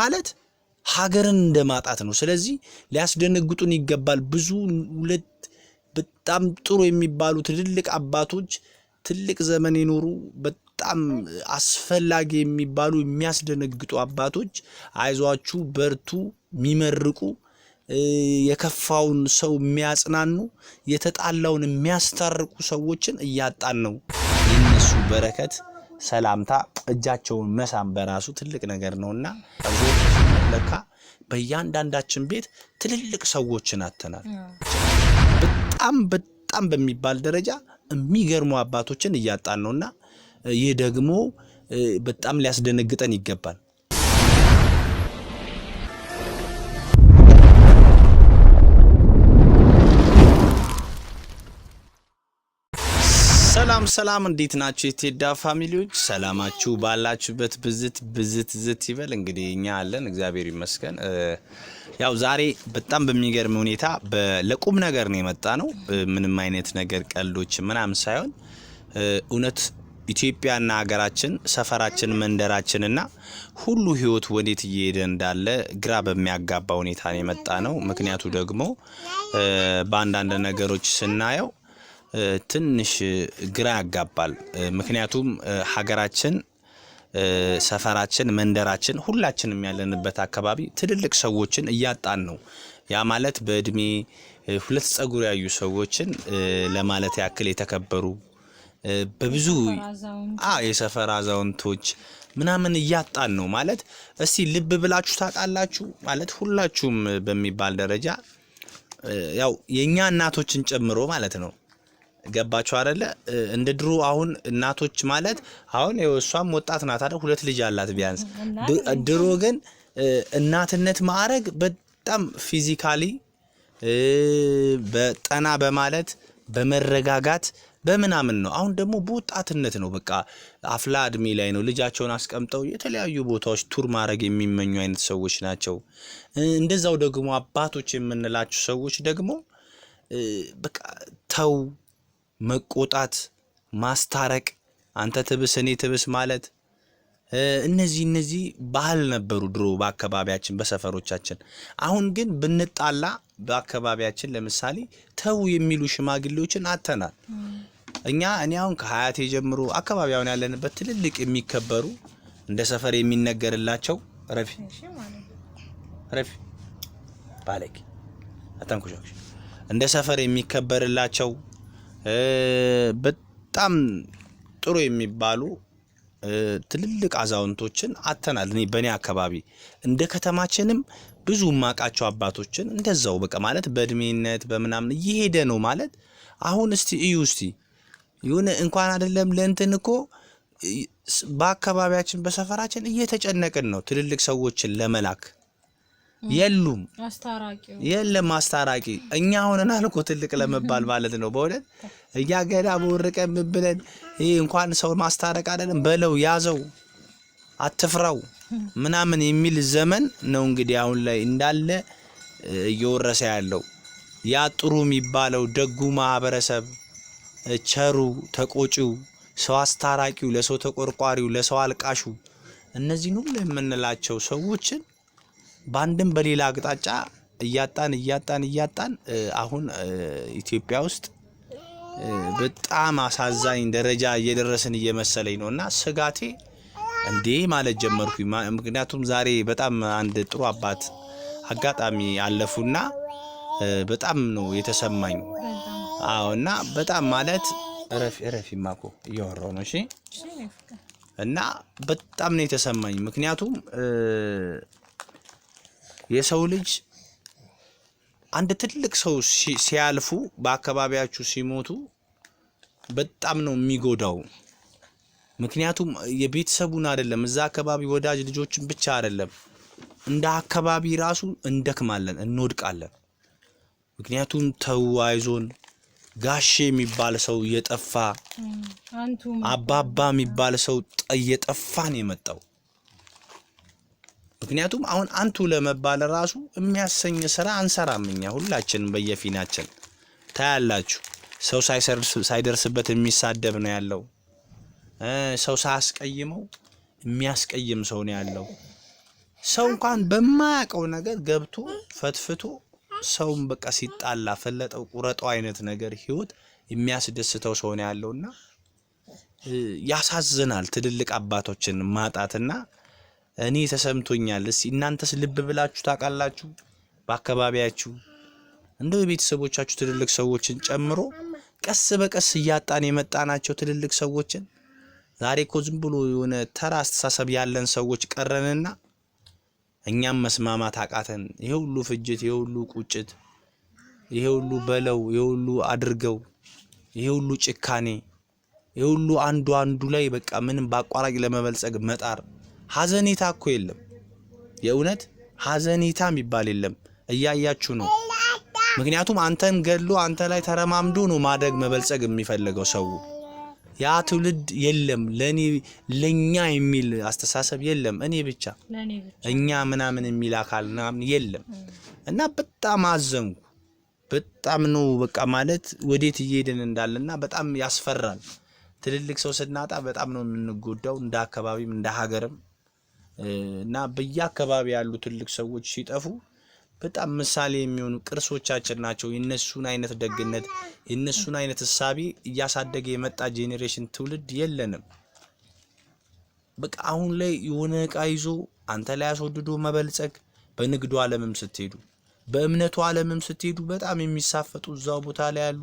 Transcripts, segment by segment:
ማለት ሀገርን እንደማጣት ነው። ስለዚህ ሊያስደነግጡን ይገባል። ብዙ ሁለት በጣም ጥሩ የሚባሉ ትልልቅ አባቶች ትልቅ ዘመን የኖሩ በጣም አስፈላጊ የሚባሉ የሚያስደነግጡ አባቶች አይዟችሁ፣ በርቱ የሚመርቁ የከፋውን ሰው የሚያጽናኑ የተጣላውን የሚያስታርቁ ሰዎችን እያጣን ነው። የነሱ በረከት ሰላምታ እጃቸውን መሳም በራሱ ትልቅ ነገር ነውና ለካ በእያንዳንዳችን ቤት ትልልቅ ሰዎችን አተናል። በጣም በጣም በሚባል ደረጃ የሚገርሙ አባቶችን እያጣን ነውና ይህ ደግሞ በጣም ሊያስደነግጠን ይገባል። ሰላም ሰላም፣ እንዴት ናችሁ የቴዳ ፋሚሊዎች? ሰላማችሁ ባላችሁበት ብዝት ብዝት ዝት ይበል። እንግዲህ እኛ አለን፣ እግዚአብሔር ይመስገን። ያው ዛሬ በጣም በሚገርም ሁኔታ ለቁም ነገር ነው የመጣ ነው። ምንም አይነት ነገር ቀልዶች ምናምን ሳይሆን እውነት ኢትዮጵያና ሀገራችን፣ ሰፈራችን፣ መንደራችንና ሁሉ ህይወት ወዴት እየሄደ እንዳለ ግራ በሚያጋባ ሁኔታ ነው የመጣ ነው። ምክንያቱ ደግሞ በአንዳንድ ነገሮች ስናየው ትንሽ ግራ ያጋባል። ምክንያቱም ሀገራችን፣ ሰፈራችን፣ መንደራችን ሁላችንም ያለንበት አካባቢ ትልልቅ ሰዎችን እያጣን ነው። ያ ማለት በእድሜ ሁለት ፀጉር ያዩ ሰዎችን ለማለት ያክል የተከበሩ በብዙ የሰፈር አዛውንቶች ምናምን እያጣን ነው ማለት። እስቲ ልብ ብላችሁ ታውቃላችሁ ማለት ሁላችሁም በሚባል ደረጃ ያው የእኛ እናቶችን ጨምሮ ማለት ነው ገባችሁ አይደለ? እንደ ድሮ አሁን እናቶች ማለት አሁን እሷም ወጣት ናት አይደል? ሁለት ልጅ አላት ቢያንስ። ድሮ ግን እናትነት ማዕረግ በጣም ፊዚካሊ በጠና በማለት በመረጋጋት በምናምን ነው። አሁን ደግሞ በወጣትነት ነው። በቃ አፍላ እድሜ ላይ ነው ልጃቸውን አስቀምጠው የተለያዩ ቦታዎች ቱር ማድረግ የሚመኙ አይነት ሰዎች ናቸው። እንደዛው ደግሞ አባቶች የምንላቸው ሰዎች ደግሞ በቃ ተው መቆጣት፣ ማስታረቅ፣ አንተ ትብስ እኔ ትብስ ማለት እነዚህ እነዚህ ባህል ነበሩ ድሮ በአካባቢያችን በሰፈሮቻችን። አሁን ግን ብንጣላ በአካባቢያችን ለምሳሌ ተው የሚሉ ሽማግሌዎችን አተናል። እኛ እኔ አሁን ከሀያቴ ጀምሮ አካባቢ አሁን ያለንበት ትልልቅ የሚከበሩ እንደ ሰፈር የሚነገርላቸው ረፊ ረፊ ባለጌ አታንኮሻሽ እንደ ሰፈር የሚከበርላቸው በጣም ጥሩ የሚባሉ ትልልቅ አዛውንቶችን አተናል። እኔ በእኔ አካባቢ እንደ ከተማችንም ብዙ ማቃቸው አባቶችን እንደዛው በቃ ማለት በእድሜነት በምናምን እየሄደ ነው ማለት። አሁን እስቲ እዩ እስቲ ይሁን እንኳን አይደለም ለእንትን እኮ በአካባቢያችን በሰፈራችን እየተጨነቅን ነው ትልልቅ ሰዎችን ለመላክ የሉም የለም አስታራቂ። እኛ ሆነን አልኮ ትልቅ ለመባል ማለት ነው። በእውነት እኛ ገዳ በወርቀ ብለን ይህ እንኳን ሰው ማስታረቅ አይደለም በለው ያዘው፣ አትፍራው ምናምን የሚል ዘመን ነው እንግዲህ አሁን ላይ እንዳለ እየወረሰ ያለው ያ ጥሩ የሚባለው ደጉ ማህበረሰብ፣ ቸሩ፣ ተቆጪው፣ ሰው አስታራቂው፣ ለሰው ተቆርቋሪው፣ ለሰው አልቃሹ እነዚህን ሁሉ የምንላቸው ሰዎችን በአንድም በሌላ አቅጣጫ እያጣን እያጣን እያጣን አሁን ኢትዮጵያ ውስጥ በጣም አሳዛኝ ደረጃ እየደረስን እየመሰለኝ ነው እና ስጋቴ እንዴ ማለት ጀመርኩኝ። ምክንያቱም ዛሬ በጣም አንድ ጥሩ አባት አጋጣሚ አለፉና በጣም ነው የተሰማኝ። አዎ እና በጣም ማለት ረፊ ማኮ እያወራው ነው እሺ። እና በጣም ነው የተሰማኝ ምክንያቱም የሰው ልጅ አንድ ትልቅ ሰው ሲያልፉ በአካባቢያችሁ ሲሞቱ በጣም ነው የሚጎዳው። ምክንያቱም የቤተሰቡን አይደለም እዛ አካባቢ ወዳጅ ልጆችን ብቻ አይደለም እንደ አካባቢ ራሱ እንደክማለን፣ እንወድቃለን። ምክንያቱም ተዋይዞን ጋሼ የሚባል ሰው እየጠፋ አባባ የሚባል ሰው እየጠፋ የመጣው። ምክንያቱም አሁን አንቱ ለመባል ራሱ የሚያሰኝ ስራ አንሰራም እኛ ሁላችንም በየፊናችን ታያላችሁ። ሰው ሳይደርስበት የሚሳደብ ነው ያለው። ሰው ሳያስቀይመው የሚያስቀይም ሰው ነው ያለው። ሰው እንኳን በማያውቀው ነገር ገብቶ ፈትፍቶ ሰውን በቃ ሲጣላ ፈለጠው ቁረጠው አይነት ነገር ህይወት የሚያስደስተው ሰው ነው ያለውና ያሳዝናል። ትልልቅ አባቶችን ማጣትና እኔ ተሰምቶኛል። እስኪ እናንተስ ልብ ብላችሁ ታውቃላችሁ? በአካባቢያችሁ እንደው የቤተሰቦቻችሁ ትልልቅ ሰዎችን ጨምሮ ቀስ በቀስ እያጣን የመጣናቸው ትልልቅ ሰዎችን ዛሬ እኮ ዝም ብሎ የሆነ ተራ አስተሳሰብ ያለን ሰዎች ቀረንና እኛም መስማማት አቃተን። ይሄ ሁሉ ፍጅት፣ ይሄ ሁሉ ቁጭት፣ ይሄ ሁሉ በለው፣ ይሄ ሁሉ አድርገው፣ ይሄ ሁሉ ጭካኔ፣ ይሄ ሁሉ አንዱ አንዱ ላይ በቃ ምንም በአቋራጭ ለመበልጸግ መጣር ሀዘኔታ እኮ የለም። የእውነት ሀዘኔታ የሚባል የለም። እያያችሁ ነው። ምክንያቱም አንተን ገሎ አንተ ላይ ተረማምዶ ነው ማደግ መበልጸግ የሚፈልገው ሰው። ያ ትውልድ የለም። ለእኔ ለእኛ የሚል አስተሳሰብ የለም። እኔ ብቻ እኛ ምናምን የሚል አካል ምናምን የለም። እና በጣም አዘንኩ። በጣም ነው በቃ ማለት ወዴት እየሄድን እንዳለና በጣም ያስፈራል። ትልልቅ ሰው ስናጣ በጣም ነው የምንጎዳው፣ እንደ አካባቢም እንደ ሀገርም እና በየአካባቢ ያሉ ትልቅ ሰዎች ሲጠፉ በጣም ምሳሌ የሚሆኑ ቅርሶቻችን ናቸው። የእነሱን አይነት ደግነት የእነሱን አይነት እሳቤ እያሳደገ የመጣ ጄኔሬሽን ትውልድ የለንም። በቃ አሁን ላይ የሆነ እቃ ይዞ አንተ ላይ አስወድዶ መበልጸግ፣ በንግዱ ዓለምም ስትሄዱ በእምነቱ ዓለምም ስትሄዱ በጣም የሚሳፈጡ እዛው ቦታ ላይ ያሉ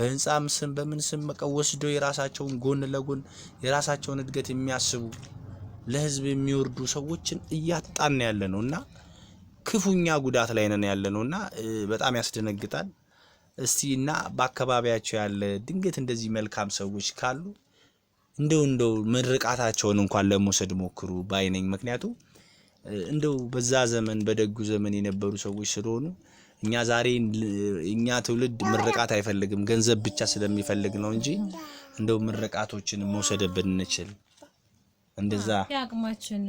በህንፃም ስም በምን ስም በቃ ወስደው የራሳቸውን ጎን ለጎን የራሳቸውን እድገት የሚያስቡ ለህዝብ የሚወርዱ ሰዎችን እያጣን ያለ ነው እና ክፉኛ ጉዳት ላይ ነን ያለ ነው እና በጣም ያስደነግጣል። እስቲ እና በአካባቢያቸው ያለ ድንገት እንደዚህ መልካም ሰዎች ካሉ እንደው እንደው ምርቃታቸውን እንኳን ለመውሰድ ሞክሩ ባይነኝ። ምክንያቱም እንደው በዛ ዘመን በደጉ ዘመን የነበሩ ሰዎች ስለሆኑ እኛ ዛሬ እኛ ትውልድ ምርቃት አይፈልግም ገንዘብ ብቻ ስለሚፈልግ ነው እንጂ እንደው ምርቃቶችን መውሰድ ብንችል እንደዛ የአቅማችን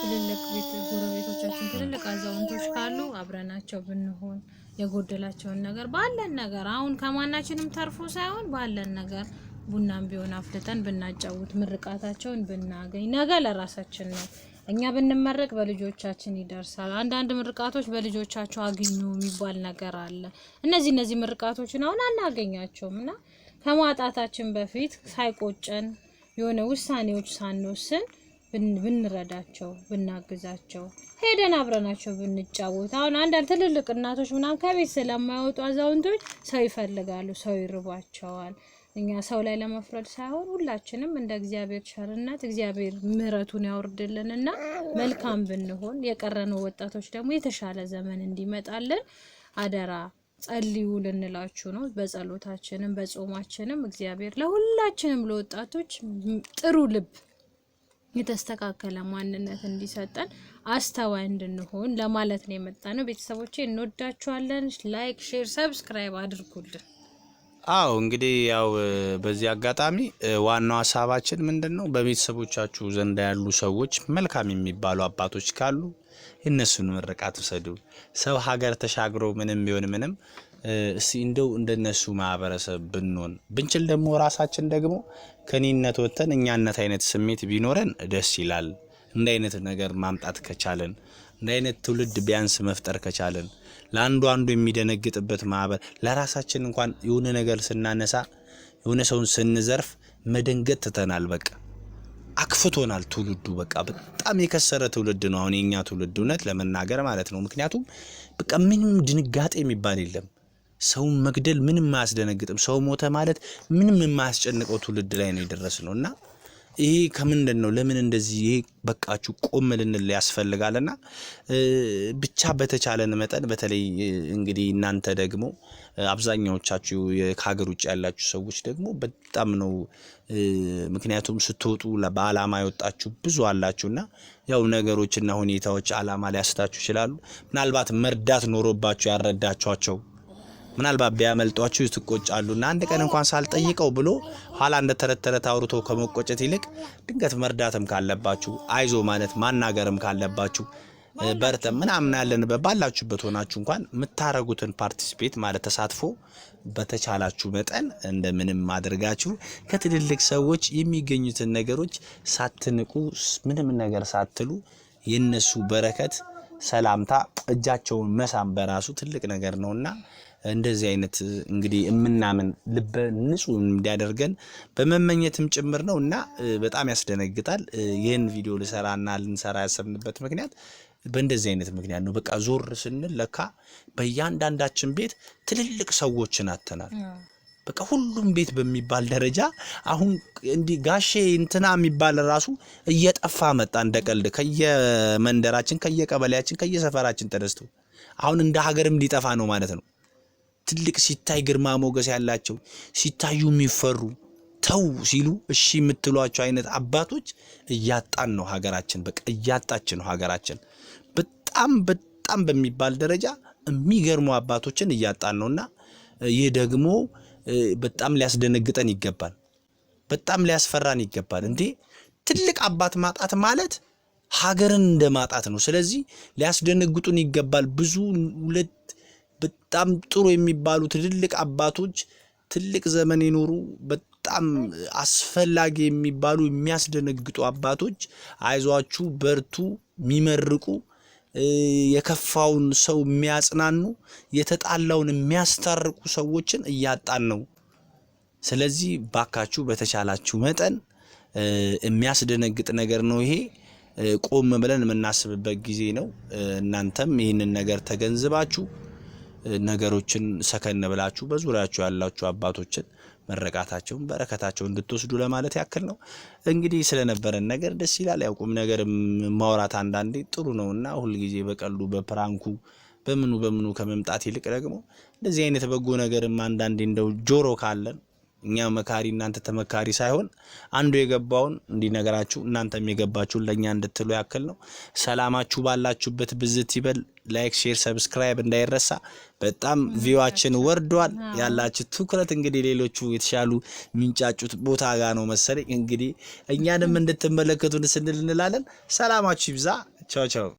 ትልልቅ ቤት ጎረቤቶቻችን ትልልቅ አዛውንቶች ካሉ አብረናቸው ብንሆን የጎደላቸውን ነገር ባለን ነገር አሁን ከማናችንም ተርፎ ሳይሆን ባለን ነገር ቡናም ቢሆን አፍልተን ብናጫውት ምርቃታቸውን ብናገኝ ነገ ለራሳችን ነው። እኛ ብንመረቅ በልጆቻችን ይደርሳል። አንዳንድ ምርቃቶች በልጆቻቸው አግኙ የሚባል ነገር አለ። እነዚህ እነዚህ ምርቃቶችን አሁን አናገኛቸውም እና ከማጣታችን በፊት ሳይቆጨን የሆነ ውሳኔዎች ሳንወስን ብንረዳቸው ብናግዛቸው ሄደን አብረናቸው ብንጫወት። አሁን አንዳንድ ትልልቅ እናቶች ምናምን ከቤት ስለማይወጡ አዛውንቶች ሰው ይፈልጋሉ፣ ሰው ይርቧቸዋል። እኛ ሰው ላይ ለመፍረድ ሳይሆን ሁላችንም እንደ እግዚአብሔር ቸርነት እግዚአብሔር ምሕረቱን ያወርድልን እና መልካም ብንሆን የቀረነው ወጣቶች ደግሞ የተሻለ ዘመን እንዲመጣልን አደራ ጸልዩ ልንላችሁ ነው። በጸሎታችንም በጾማችንም እግዚአብሔር ለሁላችንም ለወጣቶች ጥሩ ልብ የተስተካከለ ማንነት እንዲሰጠን አስተዋይ እንድንሆን ለማለት ነው የመጣ ነው። ቤተሰቦቼ እንወዳችኋለን። ላይክ፣ ሼር፣ ሰብስክራይብ አድርጉልን። አዎ እንግዲህ ያው በዚህ አጋጣሚ ዋናው ሀሳባችን ምንድን ነው፣ በቤተሰቦቻችሁ ዘንድ ያሉ ሰዎች መልካም የሚባሉ አባቶች ካሉ የእነሱን ምርቃት ውሰዱ። ሰው ሀገር ተሻግሮ ምንም ቢሆን ምንም እስቲ እንደው እንደነሱ ማህበረሰብ ብንሆን ብንችል ደግሞ ራሳችን ደግሞ ከኔነት ወጥተን እኛነት አይነት ስሜት ቢኖረን ደስ ይላል። እንደ አይነት ነገር ማምጣት ከቻለን እንደ አይነት ትውልድ ቢያንስ መፍጠር ከቻለን ለአንዱ አንዱ የሚደነግጥበት ማህበር። ለራሳችን እንኳን የሆነ ነገር ስናነሳ የሆነ ሰውን ስንዘርፍ መደንገጥ ትተናል። በቃ አክፍቶናል ትውልዱ። በቃ በጣም የከሰረ ትውልድ ነው አሁን የኛ ትውልድ፣ እውነት ለመናገር ማለት ነው። ምክንያቱም በቃ ምንም ድንጋጤ የሚባል የለም። ሰውን መግደል ምንም አያስደነግጥም። ሰው ሞተ ማለት ምንም የማያስጨንቀው ትውልድ ላይ ነው የደረስ ነው እና ይሄ ከምንድን ነው? ለምን እንደዚህ ይሄ በቃችሁ ቆም ልንል ያስፈልጋልና ብቻ በተቻለን መጠን በተለይ እንግዲህ እናንተ ደግሞ አብዛኛዎቻችሁ ከሀገር ውጭ ያላችሁ ሰዎች ደግሞ በጣም ነው። ምክንያቱም ስትወጡ በዓላማ የወጣችሁ ብዙ አላችሁና ያው ነገሮችና ሁኔታዎች ዓላማ ሊያስታችሁ ይችላሉ። ምናልባት መርዳት ኖሮባችሁ ያረዳችኋቸው ምናልባት ቢያመልጧችሁ ትቆጫሉና አንድ ቀን እንኳን ሳልጠይቀው ብሎ ኋላ እንደ ተረት ተረት አውርቶ ከመቆጨት ይልቅ ድንገት መርዳትም ካለባችሁ አይዞ ማለት ማናገርም ካለባችሁ በርተ ምናምን ያለንበት ባላችሁበት ሆናችሁ እንኳን የምታረጉትን ፓርቲስፔት ማለት ተሳትፎ በተቻላችሁ መጠን እንደምንም አድርጋችሁ ከትልልቅ ሰዎች የሚገኙትን ነገሮች ሳትንቁ ምንም ነገር ሳትሉ የነሱ በረከት ሰላምታ እጃቸውን መሳም በራሱ ትልቅ ነገር ነውና እንደዚህ አይነት እንግዲህ የምናምን ልበ ንጹህ እንዲያደርገን በመመኘትም ጭምር ነው እና በጣም ያስደነግጣል። ይህን ቪዲዮ ልሰራና ልንሰራ ያሰብንበት ምክንያት በእንደዚህ አይነት ምክንያት ነው። በቃ ዞር ስንል ለካ በእያንዳንዳችን ቤት ትልልቅ ሰዎችን አተናል። በቃ ሁሉም ቤት በሚባል ደረጃ አሁን እንዲህ ጋሼ እንትና የሚባል ራሱ እየጠፋ መጣ እንደ ቀልድ ከየመንደራችን፣ ከየቀበሌያችን፣ ከየሰፈራችን ተነስቶ አሁን እንደ ሀገርም ሊጠፋ ነው ማለት ነው። ትልቅ ሲታይ ግርማ ሞገስ ያላቸው ሲታዩ የሚፈሩ ተው ሲሉ እሺ የምትሏቸው አይነት አባቶች እያጣን ነው ሀገራችን። በቃ እያጣች ነው ሀገራችን። በጣም በጣም በሚባል ደረጃ የሚገርሙ አባቶችን እያጣን ነው እና ይህ ደግሞ በጣም ሊያስደነግጠን ይገባል። በጣም ሊያስፈራን ይገባል። እንዴ ትልቅ አባት ማጣት ማለት ሀገርን እንደ ማጣት ነው። ስለዚህ ሊያስደነግጡን ይገባል። ብዙ ሁለት በጣም ጥሩ የሚባሉ ትልልቅ አባቶች ትልቅ ዘመን የኖሩ በጣም አስፈላጊ የሚባሉ የሚያስደነግጡ አባቶች አይዟችሁ፣ በርቱ የሚመርቁ የከፋውን ሰው የሚያጽናኑ የተጣላውን የሚያስታርቁ ሰዎችን እያጣን ነው። ስለዚህ ባካችሁ በተቻላችሁ መጠን የሚያስደነግጥ ነገር ነው ይሄ። ቆም ብለን የምናስብበት ጊዜ ነው። እናንተም ይህንን ነገር ተገንዝባችሁ ነገሮችን ሰከን ብላችሁ በዙሪያችሁ ያላችሁ አባቶችን መረቃታቸውን በረከታቸውን እንድትወስዱ ለማለት ያክል ነው። እንግዲህ ስለነበረን ነገር ደስ ይላል። ያው ቁም ነገር ማውራት አንዳንዴ ጥሩ ነው እና ሁልጊዜ በቀሉ በፕራንኩ በምኑ በምኑ ከመምጣት ይልቅ ደግሞ እንደዚህ አይነት በጎ ነገርም አንዳንዴ እንደው ጆሮ ካለን እኛ መካሪ እናንተ ተመካሪ ሳይሆን አንዱ የገባውን እንዲነገራችሁ እናንተም የገባችሁን ለእኛ እንድትሉ ያክል ነው። ሰላማችሁ ባላችሁበት ብዝት ይበል። ላይክ፣ ሼር፣ ሰብስክራይብ እንዳይረሳ። በጣም ቪዋችን ወርዷል። ያላችሁ ትኩረት እንግዲህ ሌሎቹ የተሻሉ የሚንጫጩት ቦታ ጋር ነው መሰለኝ። እንግዲህ እኛንም እንድትመለከቱን ስንል እንላለን። ሰላማችሁ ይብዛ። ቻው ቻው።